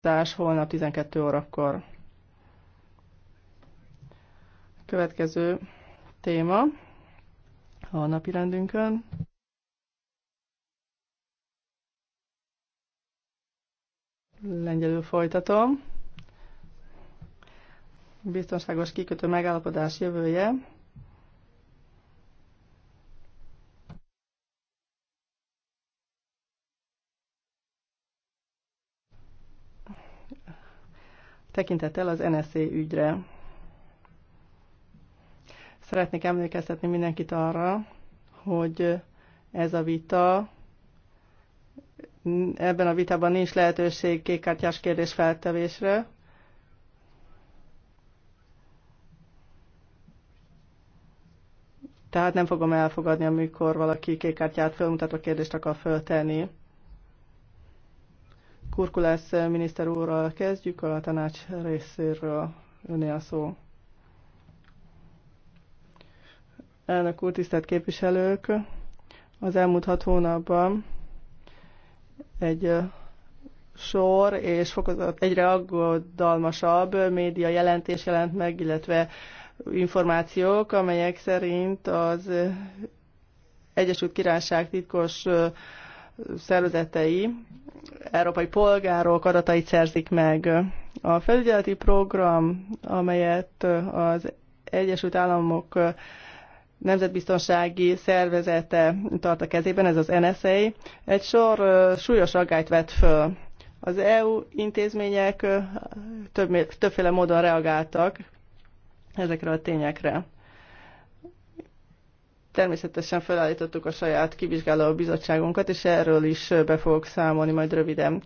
társ holnap 12 órakor. Következő téma a napi rendünkön. Lengyelül folytatom. Biztonságos kikötő megállapodás jövője. tekintettel az NSZ ügyre. Szeretnék emlékeztetni mindenkit arra, hogy ez a vita, ebben a vitában nincs lehetőség kékkártyás kérdés feltevésre, Tehát nem fogom elfogadni, amikor valaki kékkártyát felmutató kérdést akar föltenni. Kurkulász eh, miniszter úrral kezdjük, a tanács részéről Önél a szó. Elnök úr, tisztelt képviselők! Az elmúlt hat hónapban egy eh, sor és fokozat, egyre aggodalmasabb média jelentés jelent meg, illetve információk, amelyek szerint az eh, Egyesült Királyság titkos szervezetei európai polgárok adatait szerzik meg. A felügyeleti program, amelyet az Egyesült Államok nemzetbiztonsági szervezete tart a kezében, ez az NSA, egy sor súlyos aggályt vett föl. Az EU intézmények több, többféle módon reagáltak ezekre a tényekre. Természetesen felállítottuk a saját kivizsgáló bizottságunkat, és erről is be fogok számolni majd röviden.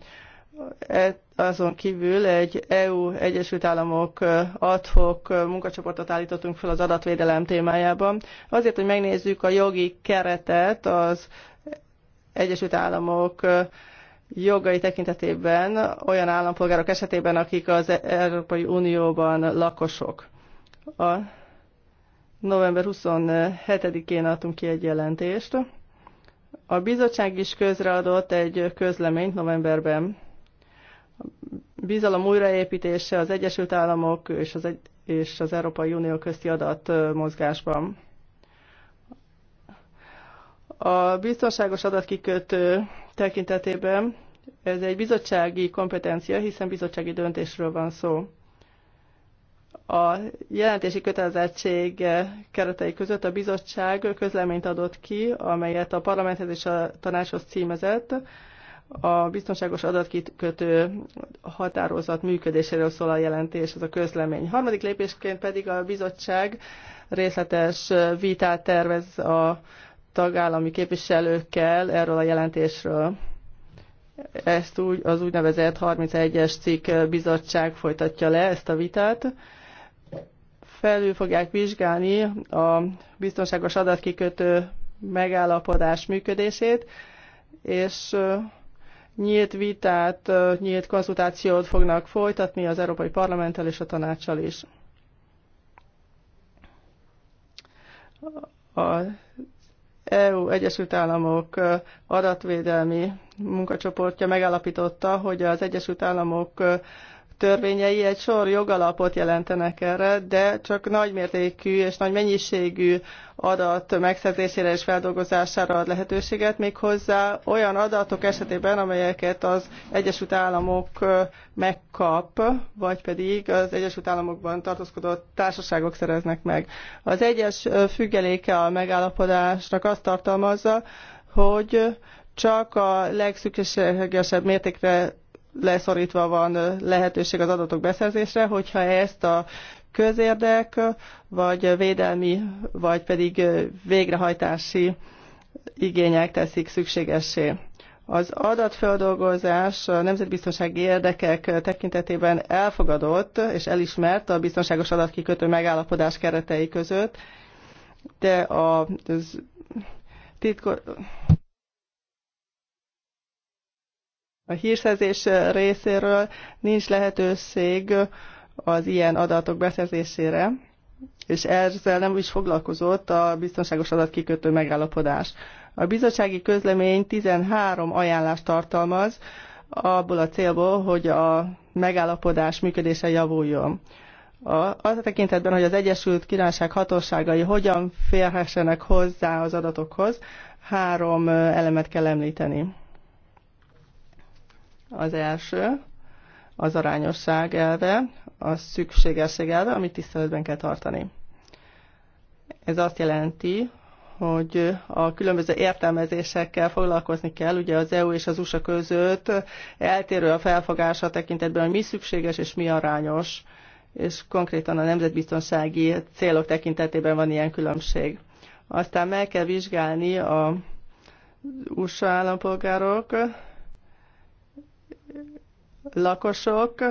E- azon kívül egy EU Egyesült Államok adhok munkacsoportot állítottunk fel az adatvédelem témájában, azért, hogy megnézzük a jogi keretet az Egyesült Államok jogai tekintetében olyan állampolgárok esetében, akik az e- Európai Unióban lakosok. A november 27-én adtunk ki egy jelentést. A bizottság is közreadott egy közleményt novemberben. A bizalom újraépítése az Egyesült Államok és az, egy, és az Európai Unió közti adat mozgásban. A biztonságos adatkikötő tekintetében ez egy bizottsági kompetencia, hiszen bizottsági döntésről van szó. A jelentési kötelezettség keretei között a bizottság közleményt adott ki, amelyet a parlamenthez és a tanácshoz címezett, a biztonságos adatkikötő határozat működéséről szól a jelentés, ez a közlemény. Harmadik lépésként pedig a bizottság részletes vitát tervez a tagállami képviselőkkel erről a jelentésről. Ezt úgy, az úgynevezett 31-es cikk bizottság folytatja le ezt a vitát felül fogják vizsgálni a biztonságos adatkikötő megállapodás működését, és nyílt vitát, nyílt konzultációt fognak folytatni az Európai Parlamenttel és a tanácssal is. Az EU Egyesült Államok adatvédelmi munkacsoportja megállapította, hogy az Egyesült Államok törvényei egy sor jogalapot jelentenek erre, de csak nagymértékű és nagy mennyiségű adat megszerzésére és feldolgozására ad lehetőséget, méghozzá olyan adatok esetében, amelyeket az Egyesült Államok megkap, vagy pedig az Egyesült Államokban tartózkodott társaságok szereznek meg. Az egyes függeléke a megállapodásnak azt tartalmazza, hogy csak a legszükségesebb mértékre leszorítva van lehetőség az adatok beszerzésre, hogyha ezt a közérdek, vagy védelmi, vagy pedig végrehajtási igények teszik szükségessé. Az adatfeldolgozás a nemzetbiztonsági érdekek tekintetében elfogadott és elismert a biztonságos adatkikötő megállapodás keretei között, de a titkos A hírszerzés részéről nincs lehetőség az ilyen adatok beszerzésére, és ezzel nem is foglalkozott a biztonságos adatkikötő megállapodás. A bizottsági közlemény 13 ajánlást tartalmaz, abból a célból, hogy a megállapodás működése javuljon. A, az a tekintetben, hogy az Egyesült Királyság hatóságai hogyan férhessenek hozzá az adatokhoz, három elemet kell említeni. Az első, az arányosság elve, a szükségesség elve, amit tiszteletben kell tartani. Ez azt jelenti, hogy a különböző értelmezésekkel foglalkozni kell. Ugye az EU és az USA között eltérő a felfogása tekintetben, hogy mi szükséges és mi arányos, és konkrétan a nemzetbiztonsági célok tekintetében van ilyen különbség. Aztán meg kell vizsgálni a USA állampolgárok lakosok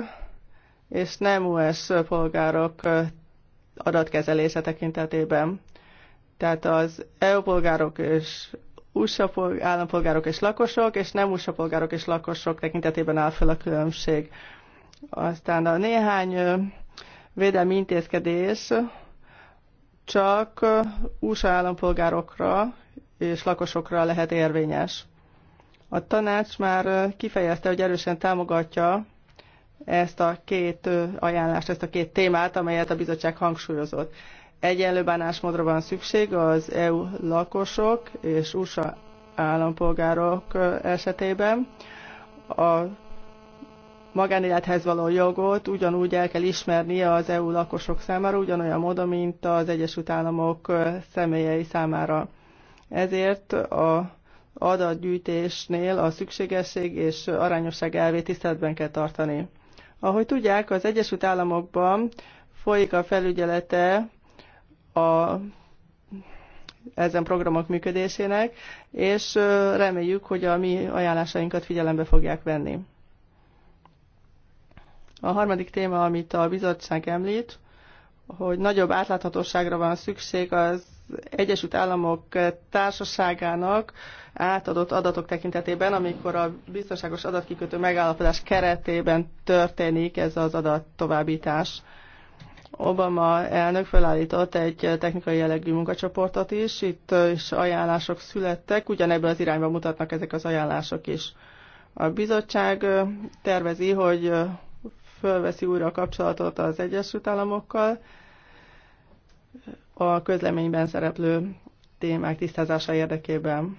és nem US polgárok adatkezelése tekintetében. Tehát az EU polgárok és USA állampolgárok és lakosok, és nem USA polgárok és lakosok tekintetében áll fel a különbség. Aztán a néhány védelmi intézkedés csak USA állampolgárokra és lakosokra lehet érvényes. A tanács már kifejezte, hogy erősen támogatja ezt a két ajánlást, ezt a két témát, amelyet a bizottság hangsúlyozott. Egyenlő bánásmódra van szükség az EU lakosok és USA állampolgárok esetében. A magánélethez való jogot ugyanúgy el kell ismerni az EU lakosok számára, ugyanolyan módon, mint az Egyesült Államok személyei számára. Ezért a adatgyűjtésnél a szükségesség és arányosság elvét tiszteletben kell tartani. Ahogy tudják, az Egyesült Államokban folyik a felügyelete a ezen programok működésének, és reméljük, hogy a mi ajánlásainkat figyelembe fogják venni. A harmadik téma, amit a bizottság említ, hogy nagyobb átláthatóságra van szükség az Egyesült Államok Társaságának átadott adatok tekintetében, amikor a biztonságos adatkikötő megállapodás keretében történik ez az adat továbbítás. Obama elnök felállított egy technikai jellegű munkacsoportot is, itt is ajánlások születtek, ugyanebben az irányba mutatnak ezek az ajánlások is. A bizottság tervezi, hogy fölveszi újra a kapcsolatot az Egyesült Államokkal, a közleményben szereplő témák tisztázása érdekében.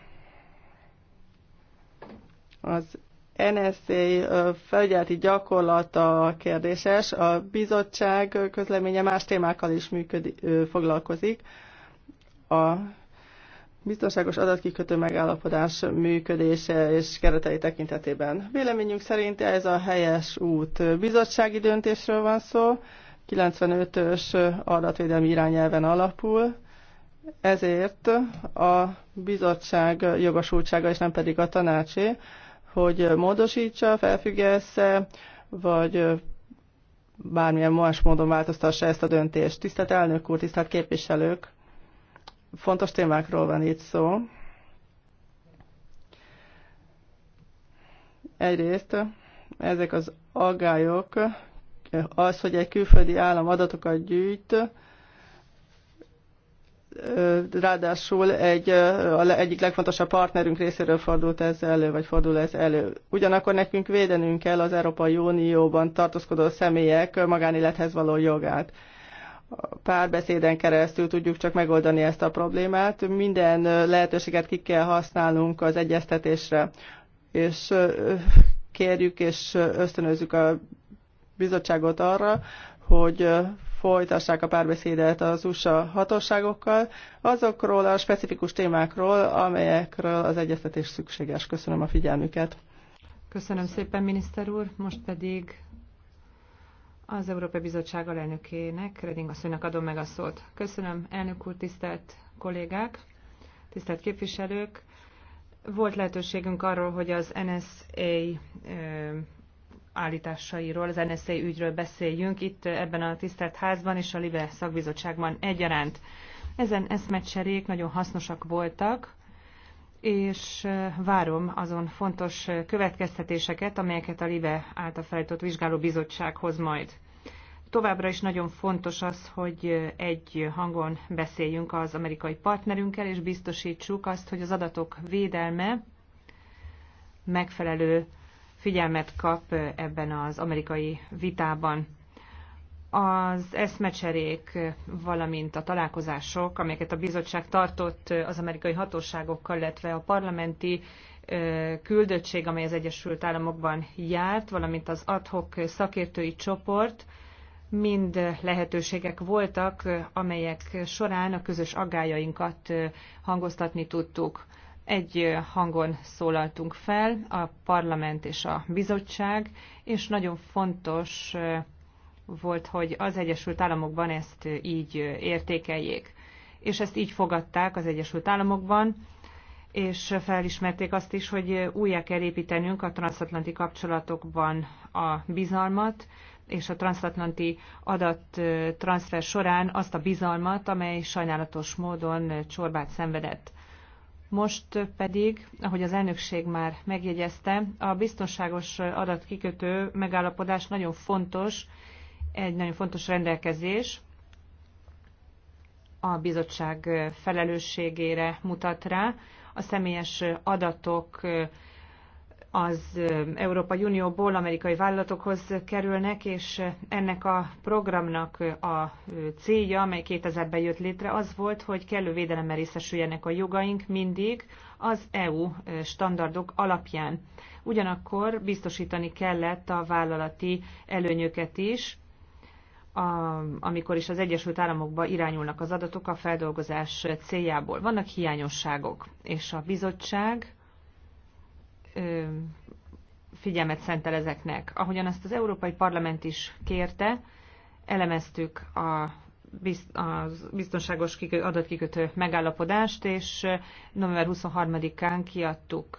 Az NSA felügyeleti gyakorlata kérdéses. A bizottság közleménye más témákkal is működi, foglalkozik. A biztonságos adatkikötő megállapodás működése és keretei tekintetében. Véleményünk szerint ez a helyes út. Bizottsági döntésről van szó, 95-ös adatvédelmi irányelven alapul, ezért a bizottság jogosultsága, és nem pedig a tanácsé, hogy módosítsa, felfüggesse, vagy bármilyen más módon változtassa ezt a döntést. Tisztelt elnök úr, tisztelt képviselők, fontos témákról van itt szó. Egyrészt ezek az aggályok az, hogy egy külföldi állam adatokat gyűjt, ráadásul egy, a egyik legfontosabb partnerünk részéről fordult ez elő, vagy fordul ez elő. Ugyanakkor nekünk védenünk kell az Európai Unióban tartózkodó személyek magánélethez való jogát. Párbeszéden keresztül tudjuk csak megoldani ezt a problémát. Minden lehetőséget ki kell használnunk az egyeztetésre, és kérjük és ösztönözzük a bizottságot arra, hogy folytassák a párbeszédet az USA hatóságokkal azokról a specifikus témákról, amelyekről az egyeztetés szükséges. Köszönöm a figyelmüket. Köszönöm szépen, miniszter úr. Most pedig az Európai Bizottság alelnökének, Reding asszonynak adom meg a szót. Köszönöm, elnök úr, tisztelt kollégák, tisztelt képviselők. Volt lehetőségünk arról, hogy az NSA állításairól, az NSZ ügyről beszéljünk itt ebben a tisztelt házban és a Libe szakbizottságban egyaránt. Ezen eszmecserék nagyon hasznosak voltak, és várom azon fontos következtetéseket, amelyeket a Libe által felállított vizsgálóbizottsághoz hoz majd. Továbbra is nagyon fontos az, hogy egy hangon beszéljünk az amerikai partnerünkkel, és biztosítsuk azt, hogy az adatok védelme megfelelő figyelmet kap ebben az amerikai vitában. Az eszmecserék, valamint a találkozások, amelyeket a bizottság tartott az amerikai hatóságokkal, illetve a parlamenti küldöttség, amely az Egyesült Államokban járt, valamint az adhok szakértői csoport, mind lehetőségek voltak, amelyek során a közös aggájainkat hangoztatni tudtuk egy hangon szólaltunk fel, a parlament és a bizottság, és nagyon fontos volt, hogy az Egyesült Államokban ezt így értékeljék. És ezt így fogadták az Egyesült Államokban, és felismerték azt is, hogy újjá kell építenünk a transatlanti kapcsolatokban a bizalmat, és a transatlanti adattranszfer során azt a bizalmat, amely sajnálatos módon csorbát szenvedett. Most pedig, ahogy az elnökség már megjegyezte, a biztonságos adatkikötő megállapodás nagyon fontos, egy nagyon fontos rendelkezés a bizottság felelősségére mutat rá. A személyes adatok az Európai Unióból amerikai vállalatokhoz kerülnek, és ennek a programnak a célja, amely 2000-ben jött létre, az volt, hogy kellő védelemmel részesüljenek a jogaink mindig az EU standardok alapján. Ugyanakkor biztosítani kellett a vállalati előnyöket is, a, amikor is az Egyesült Államokba irányulnak az adatok a feldolgozás céljából. Vannak hiányosságok, és a bizottság figyelmet szentel ezeknek. Ahogyan azt az Európai Parlament is kérte, elemeztük a biztonságos adatkikötő megállapodást, és november 23-án kiadtuk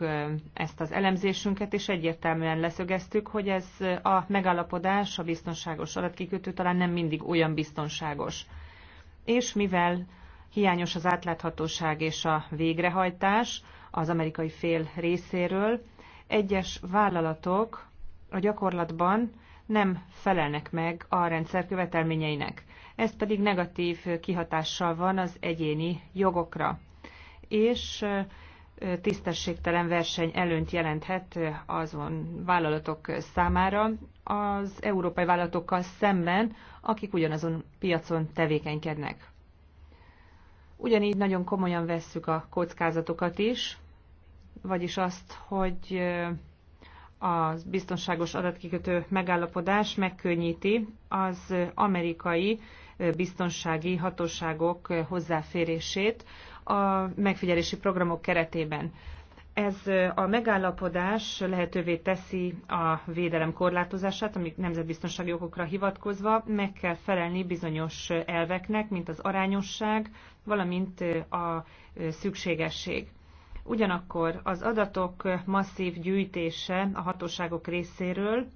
ezt az elemzésünket, és egyértelműen leszögeztük, hogy ez a megállapodás, a biztonságos adatkikötő talán nem mindig olyan biztonságos. És mivel hiányos az átláthatóság és a végrehajtás, az amerikai fél részéről. Egyes vállalatok a gyakorlatban nem felelnek meg a rendszer követelményeinek. Ez pedig negatív kihatással van az egyéni jogokra, és tisztességtelen verseny előnyt jelenthet azon vállalatok számára az európai vállalatokkal szemben, akik ugyanazon piacon tevékenykednek. Ugyanígy nagyon komolyan vesszük a kockázatokat is, vagyis azt, hogy a biztonságos adatkikötő megállapodás megkönnyíti az amerikai biztonsági hatóságok hozzáférését a megfigyelési programok keretében. Ez a megállapodás lehetővé teszi a védelem korlátozását, amik nemzetbiztonsági okokra hivatkozva meg kell felelni bizonyos elveknek, mint az arányosság, valamint a szükségesség. Ugyanakkor az adatok masszív gyűjtése a hatóságok részéről,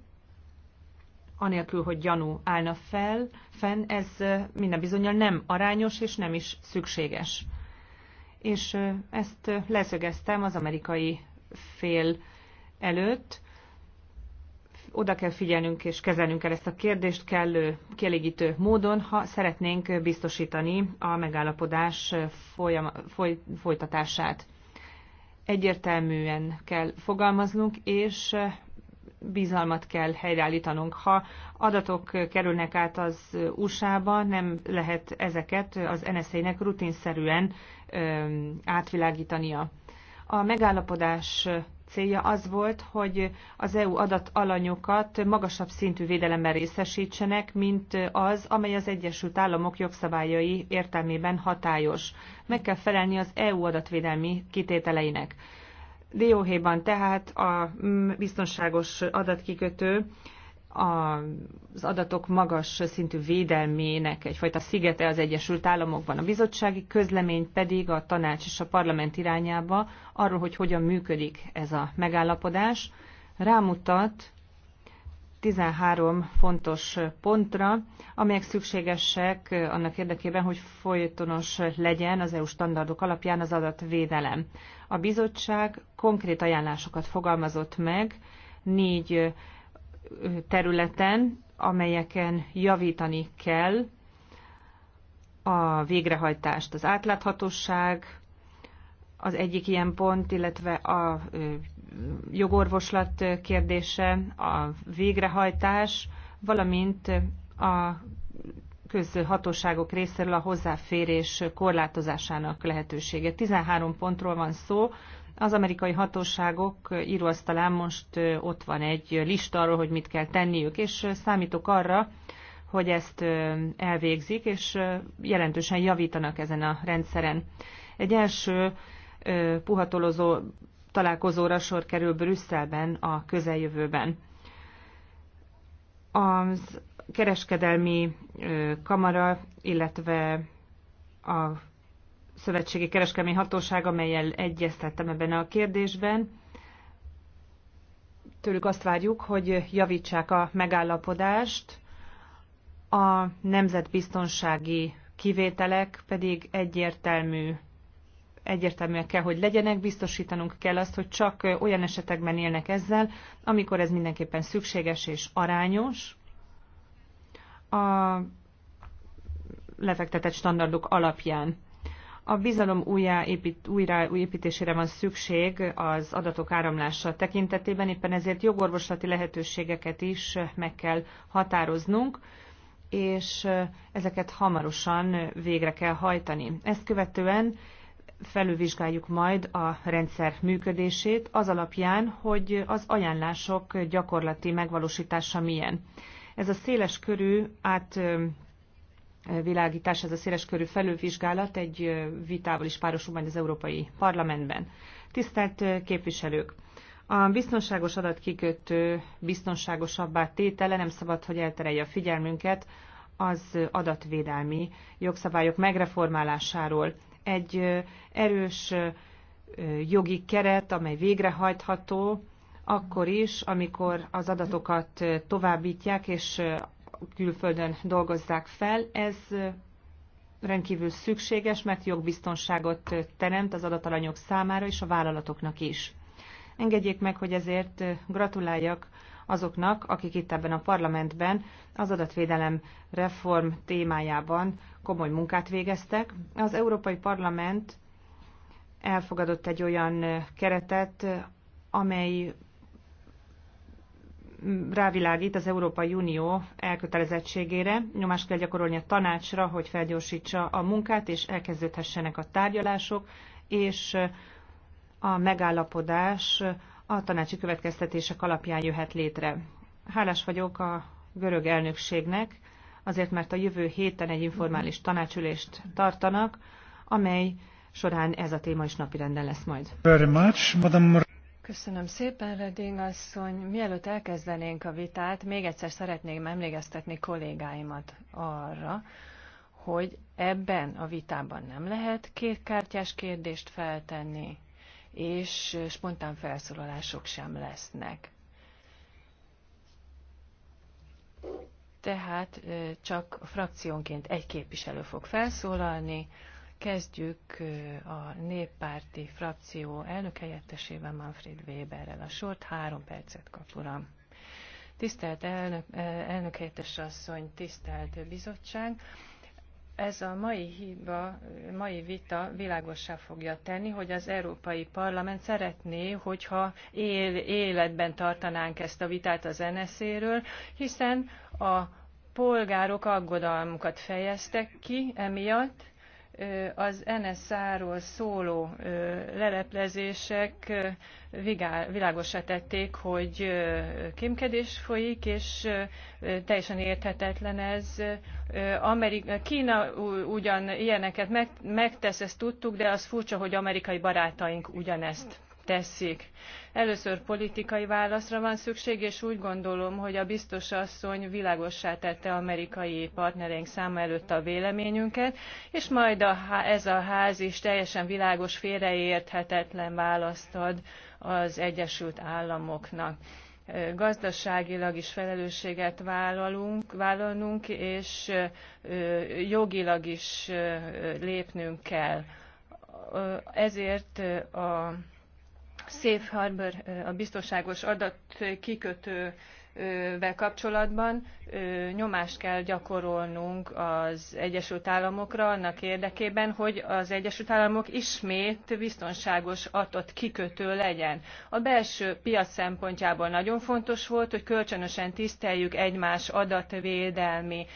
anélkül, hogy gyanú állna fel, fenn, ez minden bizonyal nem arányos és nem is szükséges. És ezt leszögeztem az amerikai fél előtt, oda kell figyelnünk és kezelnünk el ezt a kérdést kellő, kielégítő módon, ha szeretnénk biztosítani a megállapodás folyam, foly, folytatását egyértelműen kell fogalmaznunk, és bizalmat kell helyreállítanunk. Ha adatok kerülnek át az USA-ba, nem lehet ezeket az NSZ-nek rutinszerűen átvilágítania. A megállapodás célja az volt, hogy az EU adatalanyokat magasabb szintű védelemben részesítsenek, mint az, amely az Egyesült Államok jogszabályai értelmében hatályos. Meg kell felelni az EU adatvédelmi kitételeinek. Dióhéjban tehát a mm, biztonságos adatkikötő az adatok magas szintű védelmének egyfajta szigete az Egyesült Államokban. A bizottsági közlemény pedig a tanács és a parlament irányába arról, hogy hogyan működik ez a megállapodás, rámutat 13 fontos pontra, amelyek szükségesek annak érdekében, hogy folytonos legyen az EU standardok alapján az adatvédelem. A bizottság konkrét ajánlásokat fogalmazott meg, négy területen, amelyeken javítani kell a végrehajtást. Az átláthatóság az egyik ilyen pont, illetve a jogorvoslat kérdése, a végrehajtás, valamint a közhatóságok részéről a hozzáférés korlátozásának lehetősége. 13 pontról van szó, az amerikai hatóságok íróasztalán most ott van egy lista arról, hogy mit kell tenniük, és számítok arra, hogy ezt elvégzik, és jelentősen javítanak ezen a rendszeren. Egy első puhatolozó találkozóra sor kerül Brüsszelben a közeljövőben. Az kereskedelmi kamara, illetve a Szövetségi Kereskedelmi Hatóság, amelyel egyeztettem ebben a kérdésben. Tőlük azt várjuk, hogy javítsák a megállapodást, a nemzetbiztonsági kivételek pedig egyértelmű egyértelműek kell, hogy legyenek, biztosítanunk kell azt, hogy csak olyan esetekben élnek ezzel, amikor ez mindenképpen szükséges és arányos. A lefektetett standardok alapján. A bizalom újjáépít, újraépítésére van szükség az adatok áramlása tekintetében, éppen ezért jogorvoslati lehetőségeket is meg kell határoznunk, és ezeket hamarosan végre kell hajtani. Ezt követően felülvizsgáljuk majd a rendszer működését az alapján, hogy az ajánlások gyakorlati megvalósítása milyen. Ez a széles körű át világítás, ez a széleskörű felülvizsgálat egy vitával is párosul majd az Európai Parlamentben. Tisztelt képviselők! A biztonságos adatkikötő biztonságosabbá tétele nem szabad, hogy elterelje a figyelmünket az adatvédelmi jogszabályok megreformálásáról. Egy erős jogi keret, amely végrehajtható, akkor is, amikor az adatokat továbbítják, és külföldön dolgozzák fel. Ez rendkívül szükséges, mert jogbiztonságot teremt az adatalanyok számára és a vállalatoknak is. Engedjék meg, hogy ezért gratuláljak azoknak, akik itt ebben a parlamentben az adatvédelem reform témájában komoly munkát végeztek. Az Európai Parlament elfogadott egy olyan keretet, amely rávilágít az Európai Unió elkötelezettségére, nyomást kell gyakorolni a tanácsra, hogy felgyorsítsa a munkát, és elkezdődhessenek a tárgyalások, és a megállapodás a tanácsi következtetések alapján jöhet létre. Hálás vagyok a görög elnökségnek, azért mert a jövő héten egy informális tanácsülést tartanak, amely során ez a téma is napirenden lesz majd. Very much, Madame Köszönöm szépen, Reding asszony. Mielőtt elkezdenénk a vitát, még egyszer szeretném emlékeztetni kollégáimat arra, hogy ebben a vitában nem lehet kétkártyás kérdést feltenni, és spontán felszólalások sem lesznek. Tehát csak frakciónként egy képviselő fog felszólalni, Kezdjük a néppárti frakció elnök helyettesével Manfred Weberrel a sort. Három percet kap, uram. Tisztelt elnök, elnök helyettes asszony, tisztelt bizottság! ez a mai hiba, mai vita világosá fogja tenni, hogy az Európai Parlament szeretné, hogyha él, életben tartanánk ezt a vitát az NSZ-ről, hiszen a polgárok aggodalmukat fejeztek ki emiatt, az NSZ-ról szóló leleplezések világosra tették, hogy kémkedés folyik, és teljesen érthetetlen ez. Amerika, Kína ugyan ilyeneket megtesz, ezt tudtuk, de az furcsa, hogy amerikai barátaink ugyanezt teszik. Először politikai válaszra van szükség, és úgy gondolom, hogy a biztos asszony világossá tette amerikai partnereink száma előtt a véleményünket, és majd a, ez a ház is teljesen világos, félreérthetetlen választ ad az Egyesült Államoknak gazdaságilag is felelősséget vállalunk, vállalnunk, és jogilag is lépnünk kell. Ezért a Safe Harbor, a biztonságos adat kapcsolatban nyomást kell gyakorolnunk az Egyesült Államokra annak érdekében, hogy az Egyesült Államok ismét biztonságos adat kikötő legyen. A belső piac szempontjából nagyon fontos volt, hogy kölcsönösen tiszteljük egymás adatvédelmi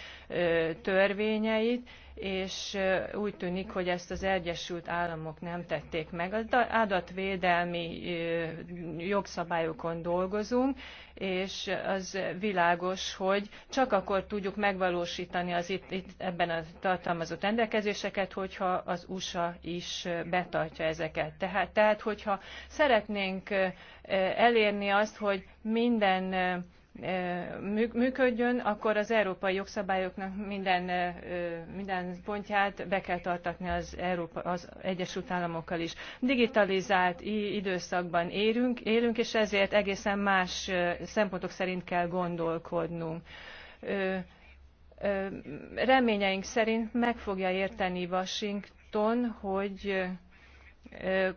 törvényeit, és úgy tűnik, hogy ezt az Egyesült Államok nem tették meg. Az adatvédelmi jogszabályokon dolgozunk, és az világos, hogy csak akkor tudjuk megvalósítani az itt, itt ebben a tartalmazott rendelkezéseket, hogyha az USA is betartja ezeket. Tehát, tehát hogyha szeretnénk elérni azt, hogy minden működjön, akkor az európai jogszabályoknak minden, minden pontját be kell tartatni az, Európa, az Egyesült Államokkal is. Digitalizált időszakban érünk, élünk, és ezért egészen más szempontok szerint kell gondolkodnunk reményeink szerint meg fogja érteni Washington, hogy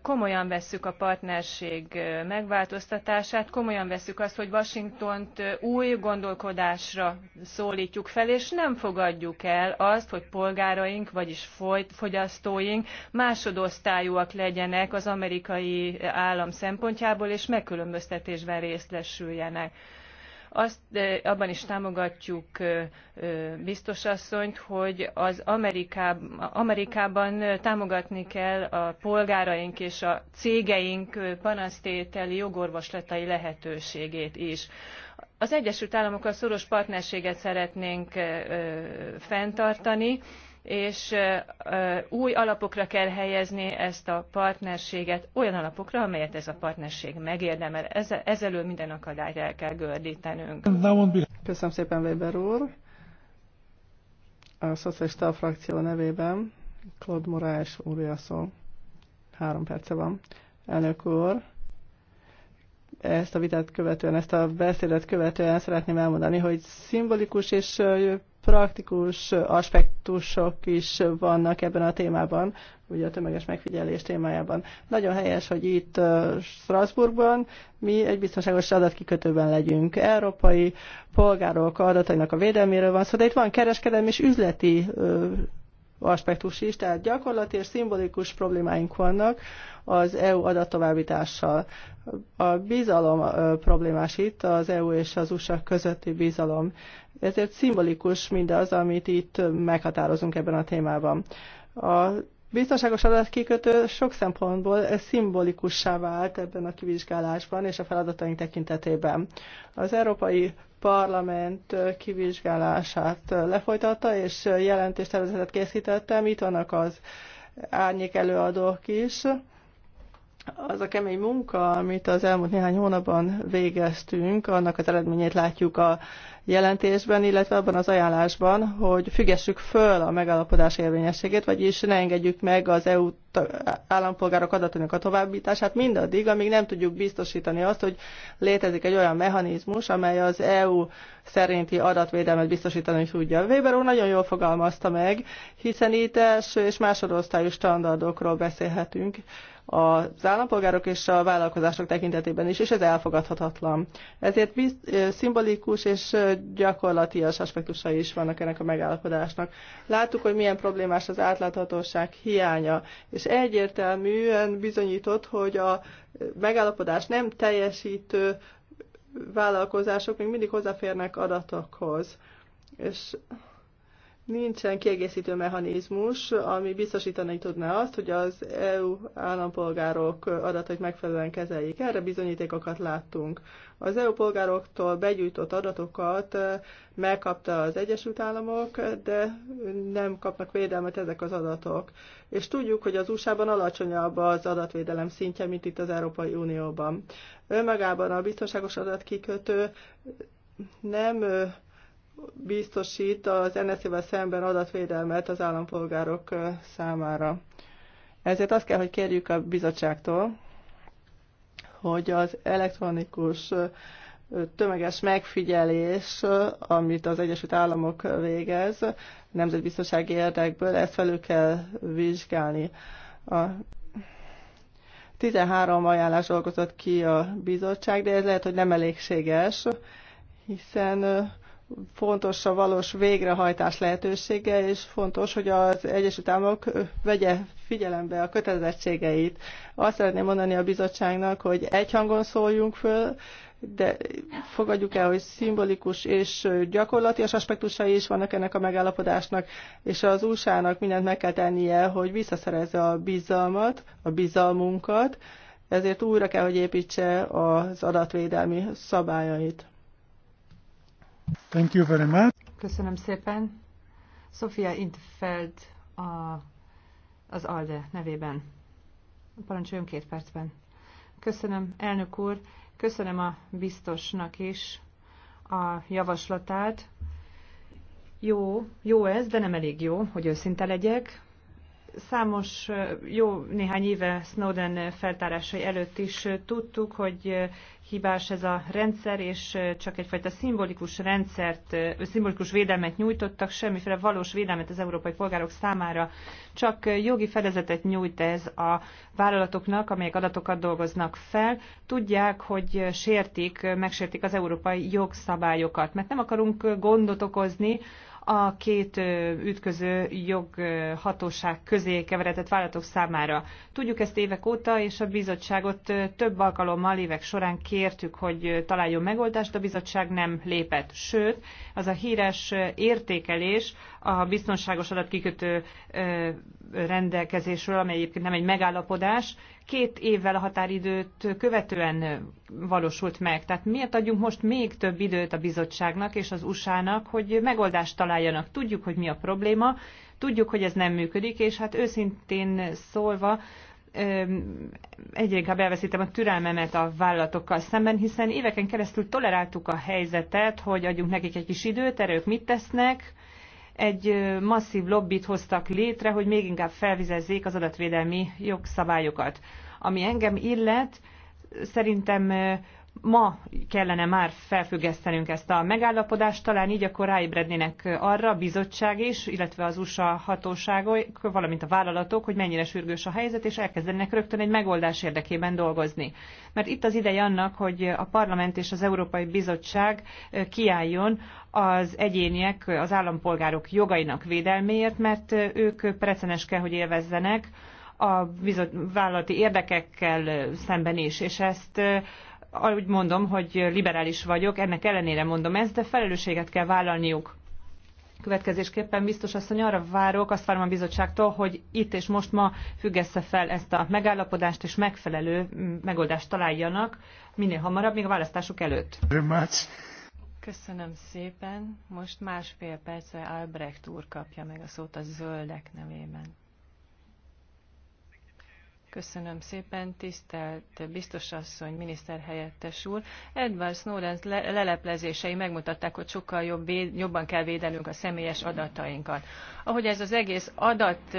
komolyan vesszük a partnerség megváltoztatását, komolyan vesszük azt, hogy Washingtont új gondolkodásra szólítjuk fel, és nem fogadjuk el azt, hogy polgáraink, vagyis fogyasztóink másodosztályúak legyenek az amerikai állam szempontjából, és megkülönböztetésben részlesüljenek azt abban is támogatjuk biztos asszonyt, hogy az Amerikában, Amerikában támogatni kell a polgáraink és a cégeink panasztételi jogorvoslatai lehetőségét is. Az Egyesült Államokkal szoros partnerséget szeretnénk fenntartani, és új alapokra kell helyezni ezt a partnerséget, olyan alapokra, amelyet ez a partnerség megérdemel. Ezelől minden akadályt el kell gördítenünk. Köszönöm szépen, Weber úr! A szocialista frakció nevében Claude Moraes úr szó. Három perce van. Elnök úr, ezt a vitát követően, ezt a beszédet követően szeretném elmondani, hogy szimbolikus és praktikus aspektusok is vannak ebben a témában, ugye a tömeges megfigyelés témájában. Nagyon helyes, hogy itt Strasbourgban mi egy biztonságos adatkikötőben legyünk. Európai polgárok adatainak a védelméről van szó, de itt van kereskedelmi és üzleti aspektus is, tehát gyakorlati és szimbolikus problémáink vannak az EU adattovábbítással. A bizalom problémás itt, az EU és az USA közötti bizalom. Ezért szimbolikus mindaz, amit itt meghatározunk ebben a témában. A biztonságos adatkikötő sok szempontból szimbolikussá vált ebben a kivizsgálásban és a feladataink tekintetében. Az európai parlament kivizsgálását lefolytatta, és jelentéstervezetet készítettem. Itt vannak az árnyék előadók is. Az a kemény munka, amit az elmúlt néhány hónapban végeztünk, annak az eredményét látjuk a jelentésben, illetve abban az ajánlásban, hogy függessük föl a megállapodás érvényességét, vagyis ne engedjük meg az EU állampolgárok adatának a továbbítását mindaddig, amíg nem tudjuk biztosítani azt, hogy létezik egy olyan mechanizmus, amely az EU szerinti adatvédelmet biztosítani tudja. Weber úr nagyon jól fogalmazta meg, hiszen itt első és másodosztályú standardokról beszélhetünk, az állampolgárok és a vállalkozások tekintetében is, és ez elfogadhatatlan. Ezért biz, szimbolikus és gyakorlatias aspektusai is vannak ennek a megállapodásnak. Láttuk, hogy milyen problémás az átláthatóság hiánya, és egyértelműen bizonyított, hogy a megállapodás nem teljesítő vállalkozások még mindig hozzáférnek adatokhoz. És nincsen kiegészítő mechanizmus, ami biztosítani tudná azt, hogy az EU állampolgárok adatait megfelelően kezeljék. Erre bizonyítékokat láttunk. Az EU polgároktól begyűjtött adatokat eh, megkapta az Egyesült Államok, de nem kapnak védelmet ezek az adatok. És tudjuk, hogy az USA-ban alacsonyabb az adatvédelem szintje, mint itt az Európai Unióban. Önmagában a biztonságos adatkikötő nem eh, biztosít az NSZ-vel szemben adatvédelmet az állampolgárok számára. Ezért azt kell, hogy kérjük a bizottságtól, hogy az elektronikus tömeges megfigyelés, amit az Egyesült Államok végez, nemzetbiztonsági érdekből, ezt felül kell vizsgálni. A 13 ajánlás dolgozott ki a bizottság, de ez lehet, hogy nem elégséges, hiszen fontos a valós végrehajtás lehetősége, és fontos, hogy az Egyesült Államok vegye figyelembe a kötelezettségeit. Azt szeretném mondani a bizottságnak, hogy egy hangon szóljunk föl, de fogadjuk el, hogy szimbolikus és gyakorlatias aspektusai is vannak ennek a megállapodásnak, és az USA-nak mindent meg kell tennie, hogy visszaszerezze a bizalmat, a bizalmunkat, ezért újra kell, hogy építse az adatvédelmi szabályait. Thank you very much. Köszönöm szépen. Sofia Intfeld a, az ALDE nevében. Parancsoljon két percben. Köszönöm, elnök úr. Köszönöm a biztosnak is a javaslatát. Jó, jó ez, de nem elég jó, hogy őszinte legyek. Számos jó néhány éve Snowden feltárásai előtt is tudtuk, hogy hibás ez a rendszer, és csak egyfajta szimbolikus rendszert, szimbolikus védelmet nyújtottak, semmiféle valós védelmet az európai polgárok számára. Csak jogi fedezetet nyújt ez a vállalatoknak, amelyek adatokat dolgoznak fel. Tudják, hogy sértik, megsértik az európai jogszabályokat, mert nem akarunk gondot okozni a két ütköző joghatóság közé keveredett vállalatok számára. Tudjuk ezt évek óta, és a bizottságot több alkalommal évek során kértük, hogy találjon megoldást, a bizottság nem lépett. Sőt, az a híres értékelés a biztonságos adatkikötő rendelkezésről, amely egyébként nem egy megállapodás, két évvel a határidőt követően valósult meg. Tehát miért adjunk most még több időt a bizottságnak és az USA-nak, hogy megoldást találjanak? Tudjuk, hogy mi a probléma, tudjuk, hogy ez nem működik, és hát őszintén szólva, egyre inkább elveszítem a türelmemet a vállalatokkal szemben, hiszen éveken keresztül toleráltuk a helyzetet, hogy adjunk nekik egy kis időt, erők mit tesznek, egy masszív lobbit hoztak létre, hogy még inkább felvizezzék az adatvédelmi jogszabályokat. Ami engem illet, szerintem ma kellene már felfüggesztenünk ezt a megállapodást, talán így akkor ráébrednének arra a bizottság is, illetve az USA hatóságok, valamint a vállalatok, hogy mennyire sürgős a helyzet, és elkezdenek rögtön egy megoldás érdekében dolgozni. Mert itt az ideje annak, hogy a parlament és az Európai Bizottság kiálljon az egyéniek, az állampolgárok jogainak védelméért, mert ők precenes kell, hogy élvezzenek a vállalati érdekekkel szemben is, és ezt úgy mondom, hogy liberális vagyok, ennek ellenére mondom ezt, de felelősséget kell vállalniuk. Következésképpen biztos asszony arra várok, azt várom a bizottságtól, hogy itt és most ma függesse fel ezt a megállapodást, és megfelelő mm, megoldást találjanak minél hamarabb, még a választások előtt. Köszönöm szépen. Most másfél percre Albrecht úr kapja meg a szót a zöldek nevében. Köszönöm szépen, tisztelt miniszter helyettes úr. Edward Snowden leleplezései megmutatták, hogy sokkal jobb, jobban kell védenünk a személyes adatainkat. Ahogy ez az egész adat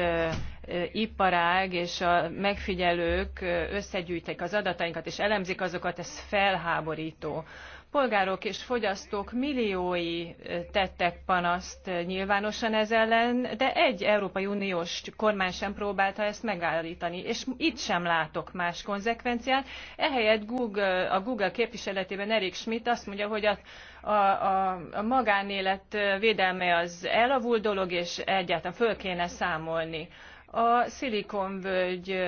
iparág és a megfigyelők összegyűjtik az adatainkat és elemzik azokat, ez felháborító. Polgárok és fogyasztók milliói tettek panaszt nyilvánosan ez ellen, de egy Európai Uniós kormány sem próbálta ezt megállítani, és itt sem látok más konzekvenciát. Ehelyett Google, a Google képviseletében Erik Schmidt azt mondja, hogy a, a, a, a magánélet védelme az elavult dolog, és egyáltalán föl kéne számolni a szilikonvölgy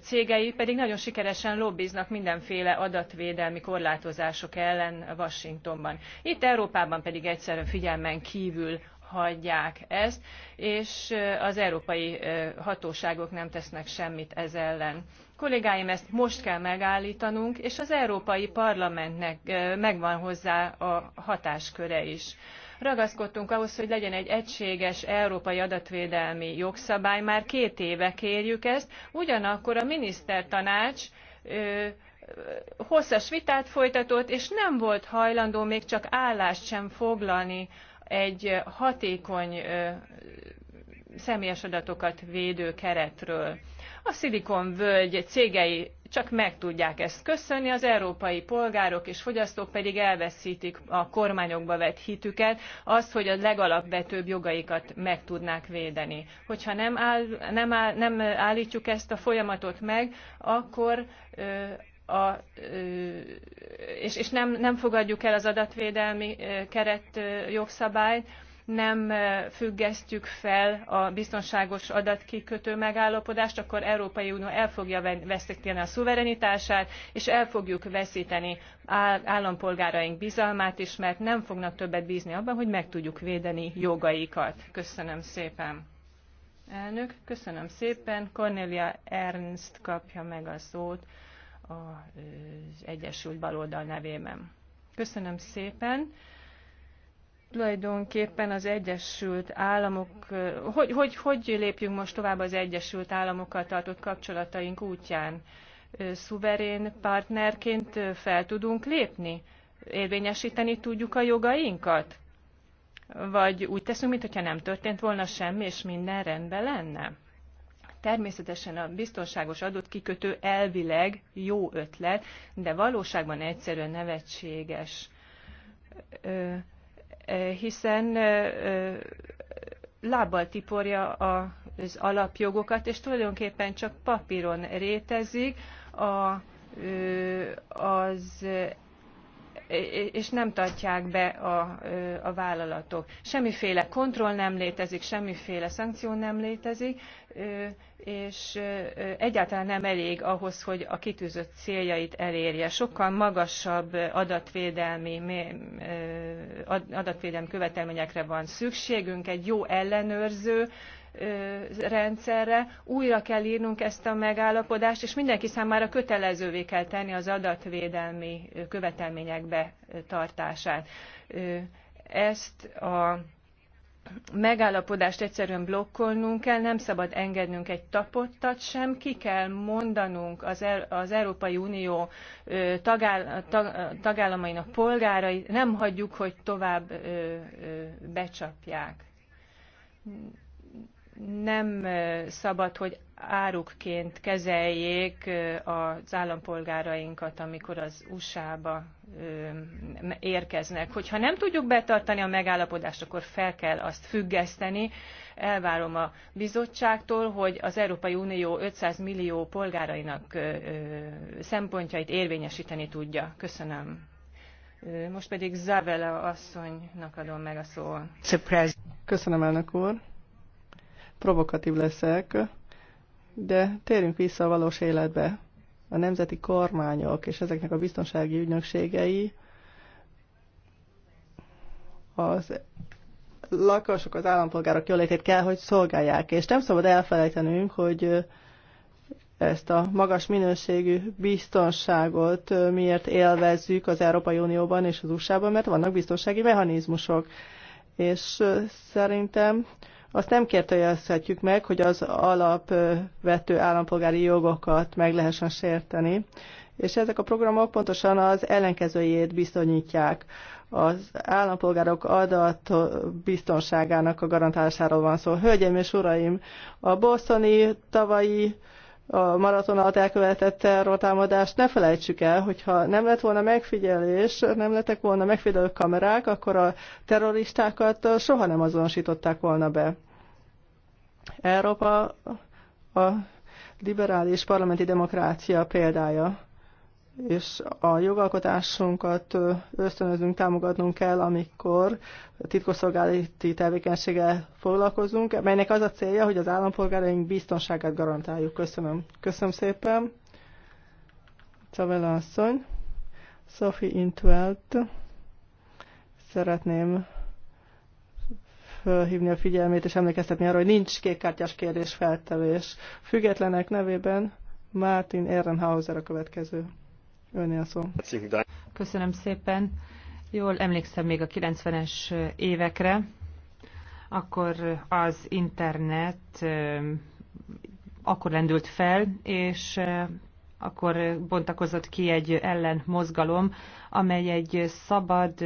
cégei pedig nagyon sikeresen lobbiznak mindenféle adatvédelmi korlátozások ellen washingtonban. itt európában pedig egyszerűen figyelmen kvül hagyják ezt és az európai hatóságok nem tesznek semmit ez ellen. kollégáim ezt most kell megálltanunk és az európai parlamentnek megvan hozzá a hatásköre is. Ragaszkodtunk ahhoz, hogy legyen egy egységes európai adatvédelmi jogszabály, már két éve kérjük ezt, ugyanakkor a minisztertanács ö, hosszas vitát folytatott, és nem volt hajlandó még csak állást sem foglalni egy hatékony személyes adatokat védő keretről. A Silicon völgy cégei csak meg tudják ezt köszönni, az európai polgárok és fogyasztók pedig elveszítik a kormányokba vett hitüket, azt, hogy a legalapvetőbb jogaikat meg tudnák védeni. Hogyha nem, áll, nem, áll, nem állítjuk ezt a folyamatot meg, akkor ö, a, és, és nem, nem fogadjuk el az adatvédelmi keret jogszabályt, nem függesztjük fel a biztonságos adatkikötő megállapodást, akkor Európai Unió el fogja veszteni a szuverenitását, és el fogjuk veszteni állampolgáraink bizalmát is, mert nem fognak többet bzni abban, hogy meg tudjuk védeni jogaikat. Köszönöm szépen. Elnök, köszönöm szépen. Cornelia Ernst kapja meg a szót az Egyesült Baloldal nevében. Köszönöm szépen tulajdonképpen az Egyesült Államok, hogy, hogy, hogy lépjünk most tovább az Egyesült Államokkal tartott kapcsolataink útján? Szuverén partnerként fel tudunk lépni? Érvényesíteni tudjuk a jogainkat? Vagy úgy teszünk, mintha nem történt volna semmi, és minden rendben lenne? Természetesen a biztonságos adott kikötő elvileg jó ötlet, de valóságban egyszerűen nevetséges. Ö, hiszen lábbal tiporja az alapjogokat, és tulajdonképpen csak papíron rétezik a, az és nem tartják be a, a vállalatok. Semmiféle kontroll nem létezik, semmiféle szankció nem létezik, és egyáltalán nem elég ahhoz, hogy a kitűzött céljait elérje. Sokkal magasabb adatvédelmi, adatvédelmi követelményekre van szükségünk, egy jó ellenőrző, rendszerre, újra kell írnunk ezt a megállapodást, és mindenki számára kötelezővé kell tenni az adatvédelmi követelmények betartását. Ezt a megállapodást egyszerűen blokkolnunk kell, nem szabad engednünk egy tapottat sem, ki kell mondanunk az, az Európai Unió tagáll, tag, tagállamainak polgárai, nem hagyjuk, hogy tovább becsapják nem szabad, hogy árukként kezeljék az állampolgárainkat, amikor az USA-ba érkeznek. Hogyha nem tudjuk betartani a megállapodást, akkor fel kell azt függeszteni. Elvárom a bizottságtól, hogy az Európai Unió 500 millió polgárainak szempontjait érvényesíteni tudja. Köszönöm. Most pedig Zavela asszonynak adom meg a szót. Köszönöm, elnök úr provokatív leszek, de térjünk vissza a valós életbe. A nemzeti kormányok és ezeknek a biztonsági ügynökségei az lakosok, az állampolgárok jólétét kell, hogy szolgálják. És nem szabad elfelejtenünk, hogy ezt a magas minőségű biztonságot miért élvezzük az Európai Unióban és az USA-ban, mert vannak biztonsági mechanizmusok. És szerintem azt nem kérdőjelezhetjük meg, hogy az alapvető állampolgári jogokat meg lehessen sérteni, és ezek a programok pontosan az ellenkezőjét bizonyítják. Az állampolgárok adat biztonságának a garantálásáról van szó. Hölgyeim és uraim, a bosztoni tavalyi a maraton alatt elkövetett terrortámadást ne felejtsük el, hogyha nem lett volna megfigyelés, nem lettek volna megfigyelő kamerák, akkor a terroristákat soha nem azonosították volna be. Európa a liberális parlamenti demokrácia példája és a jogalkotásunkat ösztönözünk, támogatnunk kell, amikor titkosszolgálati tevékenységgel foglalkozunk, melynek az a célja, hogy az állampolgáraink biztonságát garantáljuk. Köszönöm. Köszönöm szépen. Csavela asszony, Sophie Intuelt szeretném felhívni a figyelmét és emlékeztetni arra, hogy nincs kékkártyás kérdés feltevés. Függetlenek nevében Martin Ehrenhauser a következő. Önél szó. Köszönöm szépen. Jól emlékszem még a 90-es évekre, akkor az internet akkor lendült fel, és akkor bontakozott ki egy ellenmozgalom, amely egy szabad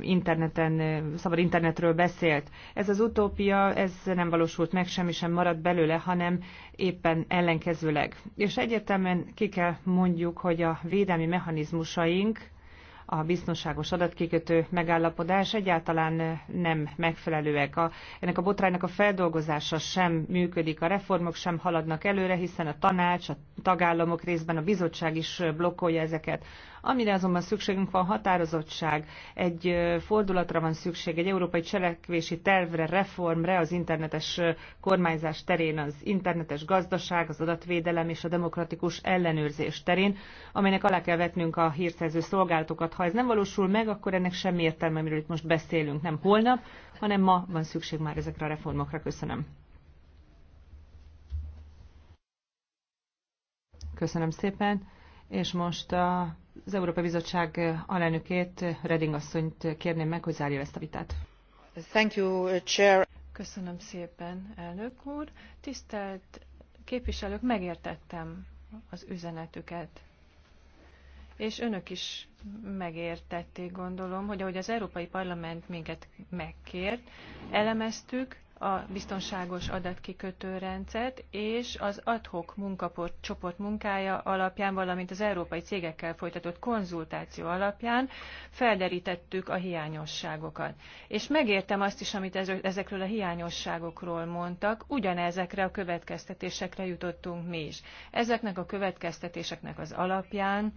interneten, szabad internetről beszélt. Ez az utópia, ez nem valósult meg, semmi sem maradt belőle, hanem éppen ellenkezőleg. És egyértelműen ki kell mondjuk, hogy a védelmi mechanizmusaink a biztonságos adatkikötő megállapodás egyáltalán nem megfelelőek. A, ennek a botránynak a feldolgozása sem működik, a reformok sem haladnak előre, hiszen a tanács, a tagállamok részben a bizottság is blokkolja ezeket. Amire azonban szükségünk van, határozottság, egy fordulatra van szükség, egy európai cselekvési tervre, reformre az internetes kormányzás terén, az internetes gazdaság, az adatvédelem és a demokratikus ellenőrzés terén, amelynek alá kell vetnünk a hírszerző szolgálatokat. Ha ez nem valósul meg, akkor ennek semmi értelme, amiről itt most beszélünk, nem holnap, hanem ma van szükség már ezekre a reformokra. Köszönöm. Köszönöm szépen. És most a az Európai Bizottság alelnökét, Reding asszonyt kérném meg, hogy zárja ezt a vitát. Thank you, Chair. Köszönöm szépen, elnök úr. Tisztelt képviselők, megértettem az üzenetüket. És önök is megértették, gondolom, hogy ahogy az Európai Parlament minket megkért, elemeztük, a biztonságos adatkikötő rendszert és az adhok munkaport munkája alapján, valamint az európai cégekkel folytatott konzultáció alapján felderítettük a hiányosságokat. És megértem azt is, amit ezekről a hiányosságokról mondtak, ugyanezekre a következtetésekre jutottunk mi is. Ezeknek a következtetéseknek az alapján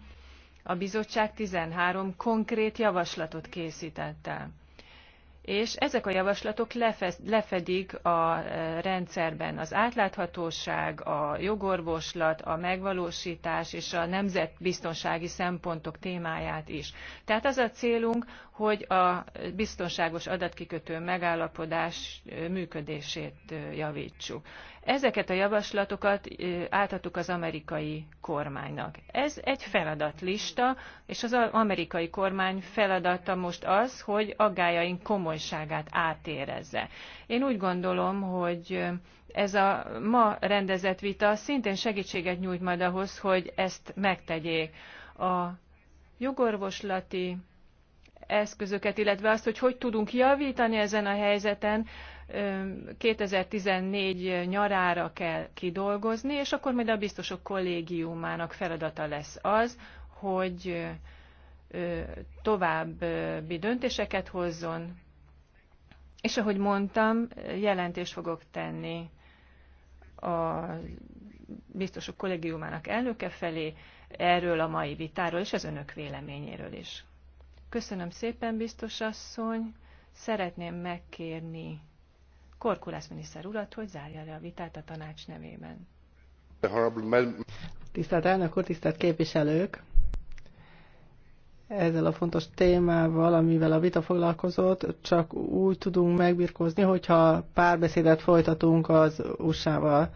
a bizottság 13 konkrét javaslatot készített el és ezek a javaslatok lefedik a e, rendszerben az átláthatóság, a jogorvoslat, a megvalósítás és a nemzetbiztonsági szempontok témáját is. Tehát az a célunk, hogy a biztonságos adatkikötő megállapodás működését javítsuk. Ezeket a javaslatokat átadtuk az amerikai kormánynak. Ez egy feladatlista, és az amerikai kormány feladata most az, hogy aggájaink komolyságát átérezze. Én úgy gondolom, hogy ez a ma rendezett vita szintén segítséget nyújt majd ahhoz, hogy ezt megtegyék. A jogorvoslati eszközöket, illetve azt, hogy hogy tudunk javítani ezen a helyzeten, 2014 nyarára kell kidolgozni, és akkor majd a biztosok kollégiumának feladata lesz az, hogy további döntéseket hozzon, és ahogy mondtam, jelentést fogok tenni a biztosok kollégiumának elnöke felé erről a mai vitáról és az önök véleményéről is. Köszönöm szépen, biztos asszony. Szeretném megkérni Korkulász miniszter urat, hogy zárja le a vitát a tanács nevében. Tisztelt elnök úr, tisztelt képviselők! Ezzel a fontos témával, amivel a vita foglalkozott, csak úgy tudunk megbirkózni, hogyha párbeszédet folytatunk az USA-val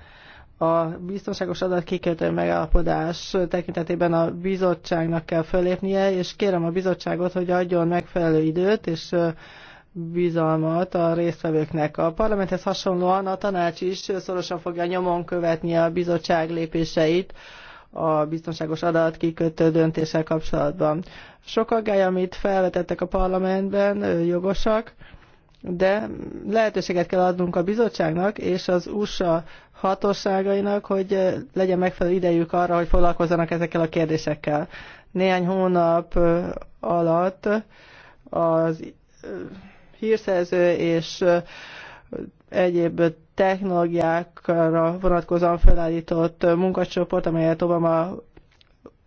a biztonságos adatkikötő megállapodás tekintetében a bizottságnak kell fölépnie, és kérem a bizottságot, hogy adjon megfelelő időt és bizalmat a résztvevőknek. A parlamenthez hasonlóan a tanács is szorosan fogja nyomon követni a bizottság lépéseit a biztonságos adat kikötő döntéssel kapcsolatban. Sok aggály, amit felvetettek a parlamentben, jogosak de lehetőséget kell adnunk a bizottságnak és az USA hatóságainak, hogy eh, legyen megfelelő idejük arra, hogy foglalkozzanak ezekkel a kérdésekkel. Néhány hónap eh, alatt az eh, hírszerző és egyéb technológiákra vonatkozóan felállított munkacsoport, amelyet Obama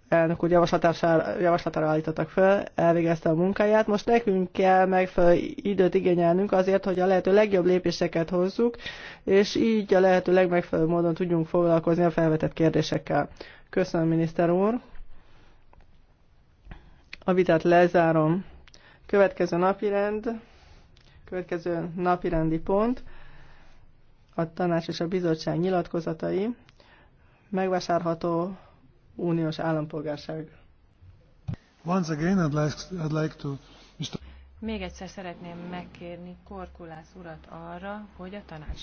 elnök úgy javaslatára, állítottak fel, elvégezte a munkáját. Most nekünk kell megfelelő időt igényelnünk azért, hogy a lehető legjobb lépéseket hozzuk, és így a lehető legmegfelelőbb módon tudjunk foglalkozni a felvetett kérdésekkel. Köszönöm, miniszter úr. A vitát lezárom. Következő napirend, következő napirendi pont, a tanács és a bizottság nyilatkozatai megvásárható uniós állampolgárság. Once again, I'd like, I'd like to... Még egyszer szeretném megkérni Korkulász urat arra, hogy a tanács